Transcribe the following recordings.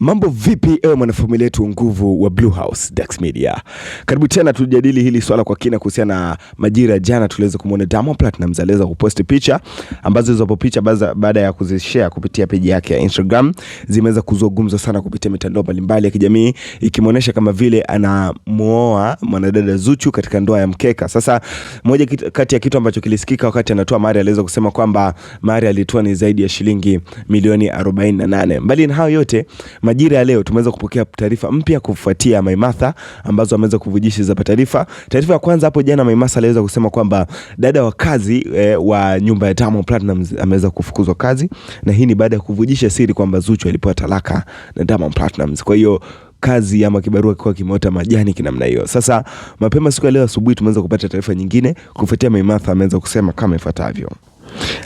Mambo vipi ewe mwanafamilia yetu nguvu wa Blue House Dax Media. Karibu tena tujadili hili swala kwa kina kuhusiana na majira jana tuliweza kumuona Diamond Platnumz aliweza kuposti picha ambazo zipo picha baada ya kuzishare kupitia peji yake ya Instagram zimeweza kuzua sana kupitia mitandao mbalimbali ya kijamii ikimuonesha kama vile anamuoa mwanadada Zuchu katika ndoa ya mkeka. Sasa moja kati ya kitu ambacho kilisikika wakati anatoa mahari aliweza kusema kwamba mahari alitoa ni zaidi ya shilingi milioni 48. Mbali na hayo yote Majira ya leo tumeweza kupokea taarifa mpya kufuatia Maimartha ambazo ameweza kuvujisha za taarifa. Taarifa ya kwanza hapo jana, Maimartha aliweza kusema kwamba dada wa kazi e, wa nyumba ya Diamond Platnumz ameweza kufukuzwa kazi, na hii ni baada ya kuvujisha siri kwamba Zuchu alipewa talaka na Diamond Platnumz. Kwa hiyo kazi ama kibarua kwa kimeota majani kinamna hiyo. Sasa mapema siku ya leo asubuhi tumeweza kupata taarifa nyingine kufuatia Maimartha ameweza kusema kama ifuatavyo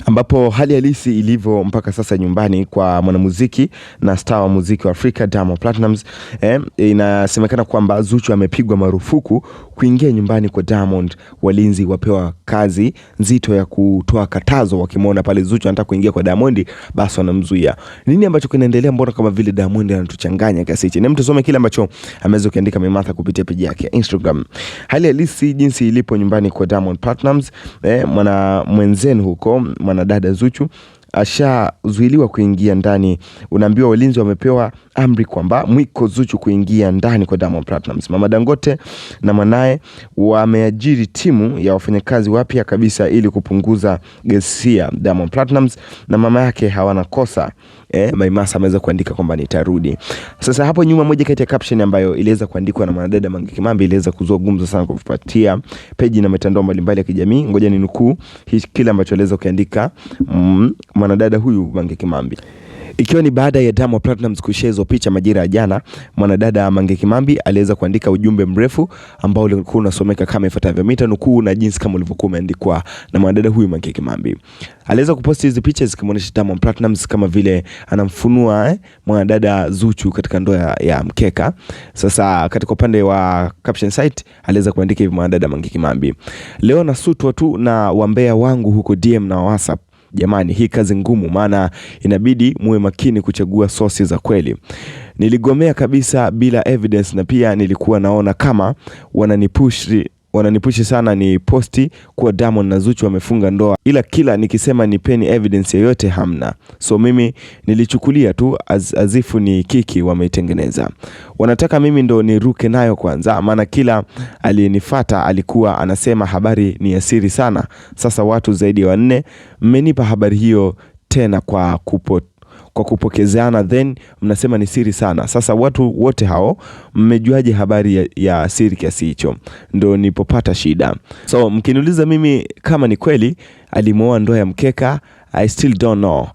ambapo hali halisi ilivyo mpaka sasa nyumbani kwa mwanamuziki na star wa muziki wa Afrika Diamond Platnumz eh, inasemekana kwamba Zuchu amepigwa marufuku kuingia nyumbani kwa Diamond, walinzi wapewa kazi nzito ya kutoa katazo. Wakimwona pale Zuchu anataka kuingia kwa Diamond, basi wanamzuia. Nini ambacho kinaendelea? Mbona kama vile Diamond anatuchanganya kiasi hichi? Hebu kile ambacho ameweza kuandika mimatha kupitia peji yake ya Instagram. Hali halisi jinsi ilipo nyumbani kwa Diamond Platnumz, eh, mwana mwenzenu huko mwanadada Zuchu ashazuiliwa kuingia ndani, unaambiwa walinzi wamepewa amri kwamba mwiko Zuchu kuingia ndani kwa Diamond Platnumz. Mama Dangote na mwanaye wameajiri timu ya wafanyakazi wapya kabisa ili kupunguza ya Diamond Platnumz na mama yake hawana kosa. Eh, Maimasa ameweza kuandika kwamba nitarudi. Sasa hapo nyuma, moja kati ya caption ambayo iliweza kuandikwa na mwanadada Mange Kimambi iliweza kuzua gumzo sana kufuatia peji na mitandao mbalimbali ya kijamii. Ngoja ni nukuu kile ambacho aliweza kuandika mm, mwanadada mm, huyu Mange Kimambi. Ikiwa ni baada ya Diamond Platinumz kushare hizo picha majira ya jana, mwanadada Mange Kimambi aliweza kuandika ujumbe mrefu ambao ulikuwa unasomeka kama ifuatavyo. Mita nukuu na jinsi kama ulivyokuwa umeandikwa na mwanadada huyu Mange Kimambi. Aliweza kuposti hizi picha zikimuonesha Diamond Platinumz kama vile anamfunua eh, mwanadada Zuchu katika ndoa ya, ya mkeka. Sasa katika upande wa caption site aliweza kuandika hivi mwanadada Mange Kimambi. Leo nasutwa tu na wambea wangu huko DM na WhatsApp jamani, hii kazi ngumu, maana inabidi muwe makini kuchagua sosi za kweli. Niligomea kabisa bila evidence, na pia nilikuwa naona kama wananipushi wananipushi sana ni posti kuwa Diamond na Zuchu wamefunga ndoa, ila kila nikisema nipeni evidence yoyote hamna. So mimi nilichukulia tu az, azifu ni kiki wameitengeneza. Wanataka mimi ndo niruke nayo kwanza, maana kila aliyenifata alikuwa anasema habari ni ya siri sana. Sasa watu zaidi ya wanne mmenipa habari hiyo tena kwa kupot kwa kupokezeana, then mnasema ni siri sana. Sasa watu wote hao mmejuaje habari ya, ya siri kiasi hicho? Ndo nipopata shida. So mkiniuliza mimi kama ni kweli alimuoa ndoa ya mkeka, I still don't know,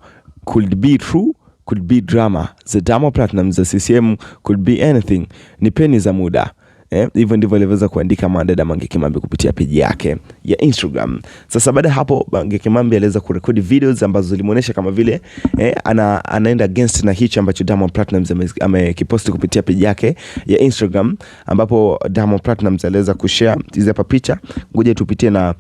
could be true could be drama. The Diamond Platnumz the CCM could be anything. Nipeni za muda. Eh, hivyo eh, ndivyo alivyoweza kuandika mwanadada Mange Kimambi kupitia peji yake ya Instagram. Sasa baada hapo Mange Kimambi aliweza kurekodi videos ambazo zilimuonesha kama vile eh, ana, anaenda against na hicho ambacho Diamond Platnumz amekiposti kupitia peji yake ya Instagram ambapo Diamond Platnumz aliweza kushare hizi hapa picha. Ngoja tupitie na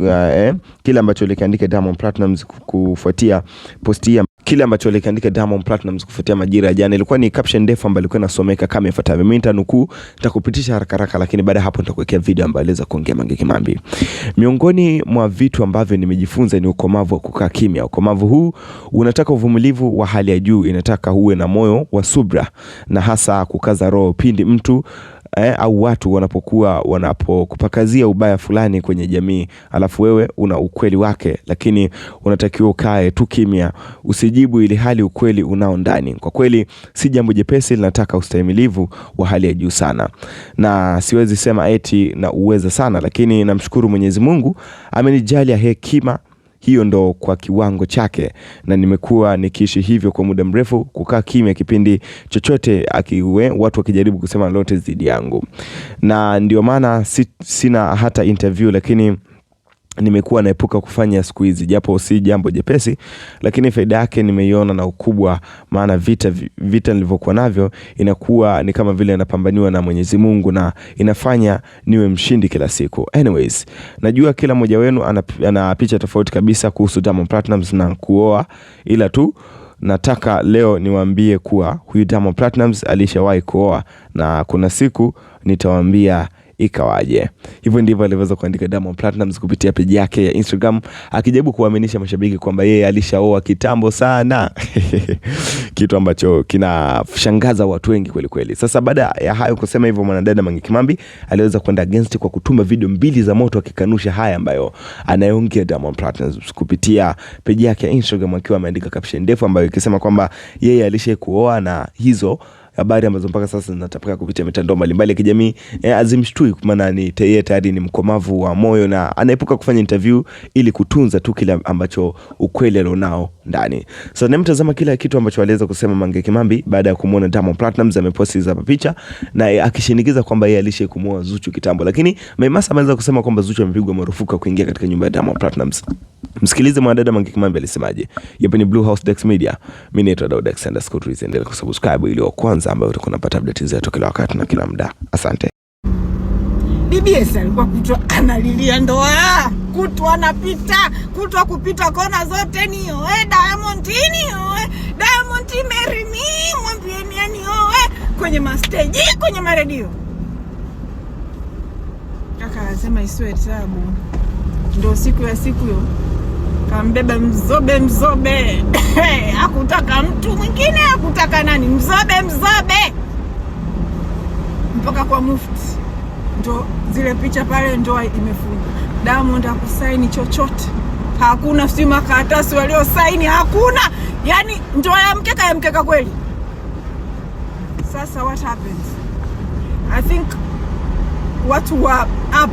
Uh, eh, kile ambacho likiandika Diamond Platnumz kufuatia posti kile ambacho alikiandika Diamond Platnumz kufuatia majira ya jana ilikuwa ni caption ndefu ambayo ilikuwa inasomeka kama ifuatavyo. Mimi nitanukuu, nitakupitisha haraka haraka, lakini baada hapo nitakuwekea video ambayo aliweza kuongea Mange Kimambi. Miongoni mwa vitu ambavyo nimejifunza ni ukomavu wa kukaa kimya. Ukomavu huu unataka uvumilivu wa hali ya juu, inataka uwe na moyo wa subra na hasa kukaza roho pindi mtu eh, au watu wanapokuwa wanapokupakazia ubaya fulani kwenye jamii, alafu wewe una ukweli wake, lakini unatakiwa ukae tu kimya, usijibu ili hali ukweli unao ndani. Kwa kweli si jambo jepesi, linataka ustahimilivu wa hali ya juu sana, na siwezi sema eti na uweza sana, lakini namshukuru Mwenyezi Mungu amenijalia hekima hiyo ndo kwa kiwango chake, na nimekuwa nikiishi hivyo kwa muda mrefu, kukaa kimya kipindi chochote akiwe watu wakijaribu kusema lolote dhidi yangu, na ndio maana si, sina hata interview, lakini nimekuwa naepuka kufanya siku hizi, japo si jambo jepesi, lakini faida yake nimeiona na ukubwa. Maana vita vita nilivyokuwa navyo inakuwa ni kama vile napambaniwa na Mwenyezi Mungu na inafanya niwe mshindi kila siku. Anyways, najua kila mmoja wenu ana, picha tofauti kabisa kuhusu Diamond Platnumz na kuoa, ila tu nataka leo niwaambie kuwa huyu Diamond Platnumz alishawahi kuoa na kuna siku nitawaambia ikawaje? Hivyo ndivyo alivyoweza kuandika Diamond Platnumz kupitia peji yake ya Instagram akijaribu kuaminisha mashabiki kwamba yeye alishaoa kitambo sana kitu ambacho kinashangaza watu wengi kweli kweli. Sasa baada ya hayo kusema hivyo, mwanadada Mange Kimambi aliweza kwenda against kwa kutuma video mbili za moto akikanusha haya ambayo anayeongea Diamond Platnumz kupitia peji yake ya Instagram akiwa ameandika caption ndefu ambayo ikisema kwamba yeye alishai kuoa na hizo habari ambazo mpaka sasa zinatapika kupitia mitandao mbalimbali ya kijamii e, eh, azimshtui kwa maana ni yeye tayari ni mkomavu wa moyo na anaepuka kufanya interview ili kutunza tu kile ambacho ukweli alionao ndani. So nimetazama kila kitu ambacho aliweza kusema Mange Kimambi baada ya kumuona Diamond Platnumz ameposti hapa picha na e, akishinikiza kwamba yeye alishe kumuoa Zuchu kitambo, lakini Maimasa ameweza kusema kwamba Zuchu amepigwa marufuku kuingia katika nyumba ya Diamond Platnumz. Msikilize mwanadada Mange Kimambi alisemaje. Yapo ni Blue House Dex Media. Mimi naitwa Daud Alexander Scott, endelea kusubscribe ili wa kwanza kwanza ambayo utakuwa unapata update zetu kila wakati na kila muda. Asante. Esther alikuwa kutwa analilia ndoa, kutwa anapita, kutwa kupita kona zote, nioe Diamond, nioe Diamond, marry me, mwambieni nioe kwenye masteji, kwenye maredio. Kaka anasema isiwe tabu, ndio siku ya siku hiyo kambeba mzobe mzobe akutaka mtu mwingine, akutaka nani, mzobe mzobe mpaka kwa mufti, ndo zile picha pale, ndoa imefunga. Diamond hakusaini chochote, hakuna si makaratasi waliosaini, hakuna yani ndoa ya mkeka ya mkeka kweli. Sasa what happens? I think watu wa up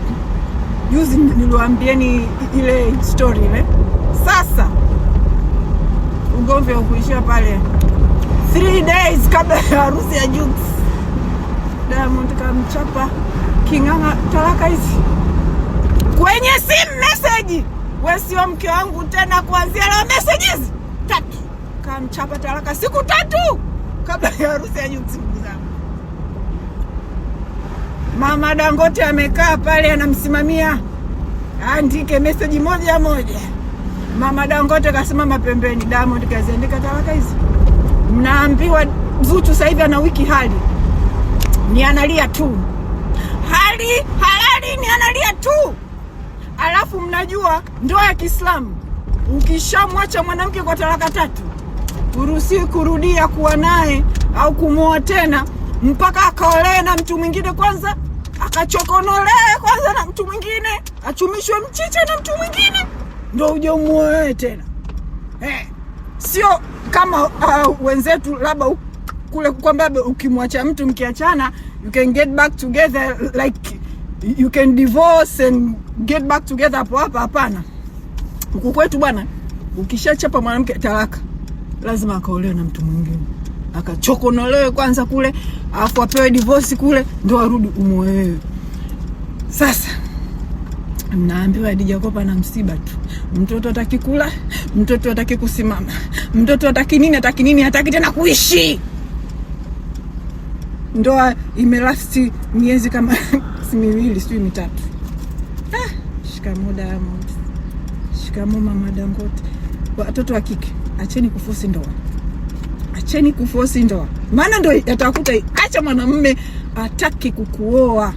Juzi niliwaambieni ile story ile. Eh? Sasa ugomvi ukuishia pale three days kabla ya harusi ya Jux, Diamond kamchapa King'ang'a talaka hizi kwenye simu meseji, we sio mke wangu tena, kuanzia leo messages tatu. Kamchapa talaka siku tatu kabla ya harusi ya Jux, ndugu zangu. Mama Dangote amekaa pale anamsimamia andike meseji moja moja. Mama Dangote akasimama pembeni, Diamond kaziandika talaka hizi. Mnaambiwa Zuchu sasa hivi ana wiki hali ni analia tu, hali halali ni analia tu. Alafu mnajua ndoa ya Kiislamu ukishamwacha mwanamke kwa talaka tatu, uruhusiwi kurudia kuwa naye au kumwoa tena mpaka akaolee na mtu mwingine kwanza, akachokonolee kwanza na mtu mwingine, achumishwe mchicha na mtu mwingine, ndo uje umuoe tena eh. Sio kama uh, wenzetu labda kule kwamba ukimwacha mtu mkiachana, you can get back together like you can divorce and get back together hapo hapa. Hapana, huku kwetu bwana, ukishachapa mwanamke talaka, lazima akaolewa na mtu mwingine akachokonolewe kwanza kule, afu apewe divorce kule, ndo arudi umuowewe. Sasa mnaambiwa Hadija Kopa na msiba tu, mtoto hataki kula, mtoto hataki kusimama, mtoto hataki nini, hataki nini, hataki tena kuishi. Ndoa imelasti miezi kama miwili sijui mitatu. Ah, shikamoo Diamond, shikamoo mama Dangote. Watoto wa kike, acheni kufusi ndoa acheni kufosi ndoa, maana ndo yatakuta. Acha mwanamume ataki kukuoa